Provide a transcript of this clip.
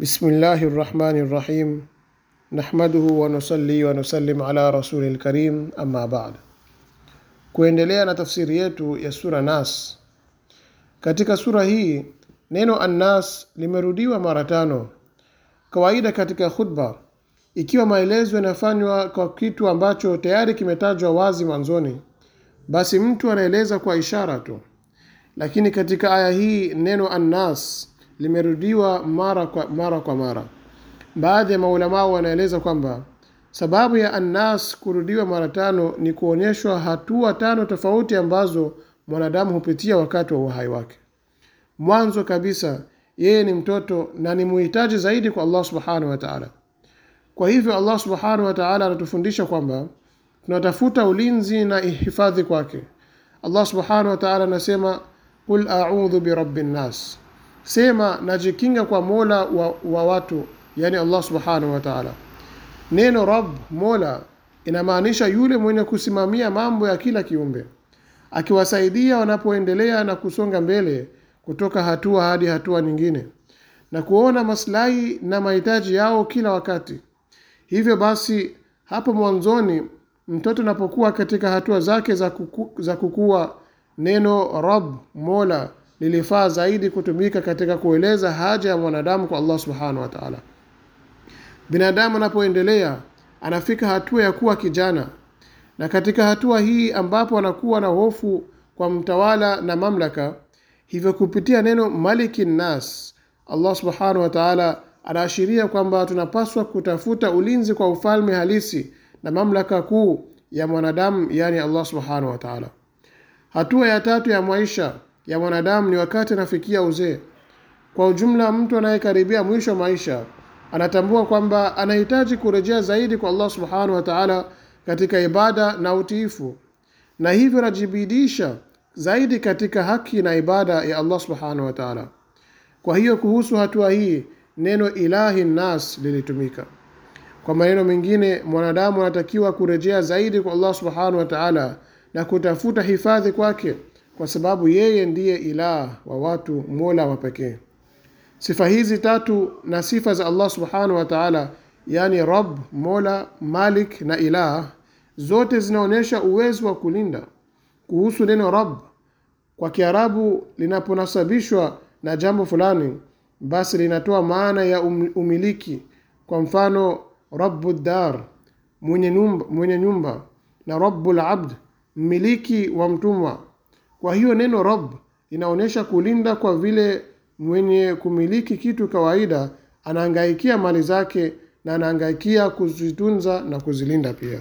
Bismillahi rahmani rahim nahmaduhu wanusali wanusallim ala rasuli lkarim amma bad. Kuendelea na tafsiri yetu ya sura Nas. Katika sura hii neno Annas limerudiwa mara tano, kawaida katika khutba, ikiwa maelezo yanafanywa kwa kitu ambacho tayari kimetajwa wazi mwanzoni, basi mtu anaeleza kwa ishara tu. Lakini katika aya hii neno Annas limerudiwa mara kwa mara kwa mara. Baadhi ya maulama wanaeleza kwamba sababu ya annas kurudiwa mara tano ni kuonyeshwa hatua tano tofauti ambazo mwanadamu hupitia wakati wa uhai wake. Mwanzo kabisa, yeye ni mtoto na ni muhitaji zaidi kwa Allah subhanahu wa taala. Kwa hivyo Allah subhanahu wa taala anatufundisha kwamba tunatafuta ulinzi na hifadhi kwake. Allah subhanahu wa taala anasema, qul audhu birabbi nnas sema najikinga kwa mola wa, wa watu yani Allah subhanahu wa ta'ala. Neno Rabb, mola, inamaanisha yule mwenye kusimamia mambo ya kila kiumbe, akiwasaidia wanapoendelea na kusonga mbele kutoka hatua hadi hatua nyingine, na kuona maslahi na mahitaji yao kila wakati. Hivyo basi, hapo mwanzoni mtoto anapokuwa katika hatua zake za, kuku, za kukua, neno Rabb, mola lilifaa zaidi kutumika katika kueleza haja ya mwanadamu kwa Allah subhanahu wa taala. Binadamu anapoendelea anafika hatua ya kuwa kijana, na katika hatua hii ambapo anakuwa na hofu kwa mtawala na mamlaka, hivyo kupitia neno maliki nas, Allah subhanahu wa taala anaashiria kwamba tunapaswa kutafuta ulinzi kwa ufalme halisi na mamlaka kuu ya mwanadamu, yani Allah subhanahu wa taala. Hatua ya tatu ya maisha ya mwanadamu ni wakati anafikia uzee. Kwa ujumla, mtu anayekaribia mwisho maisha anatambua kwamba anahitaji kurejea zaidi kwa Allah subhanahu wa ta'ala katika ibada na utiifu, na hivyo anajibidisha zaidi katika haki na ibada ya Allah subhanahu wa ta'ala. Kwa hiyo kuhusu hatua hii neno ilahi nas lilitumika. Kwa maneno mengine, mwanadamu anatakiwa kurejea zaidi kwa Allah subhanahu wa ta'ala na kutafuta hifadhi kwake kwa sababu yeye ndiye ilah wa watu, mola wa pekee. Sifa hizi tatu na sifa za Allah subhanahu wa taala, yani Rabb, mola, malik na ilah, zote zinaonyesha uwezo wa kulinda. Kuhusu neno Rabb kwa Kiarabu linaponasabishwa na jambo fulani, basi linatoa maana ya um, umiliki. Kwa mfano, rabbu dar, mwenye nyumba, mwenye nyumba na rabbul abd, mmiliki wa mtumwa. Kwa hiyo neno rab inaonyesha kulinda, kwa vile mwenye kumiliki kitu kawaida anahangaikia mali zake na anahangaikia kuzitunza na kuzilinda pia.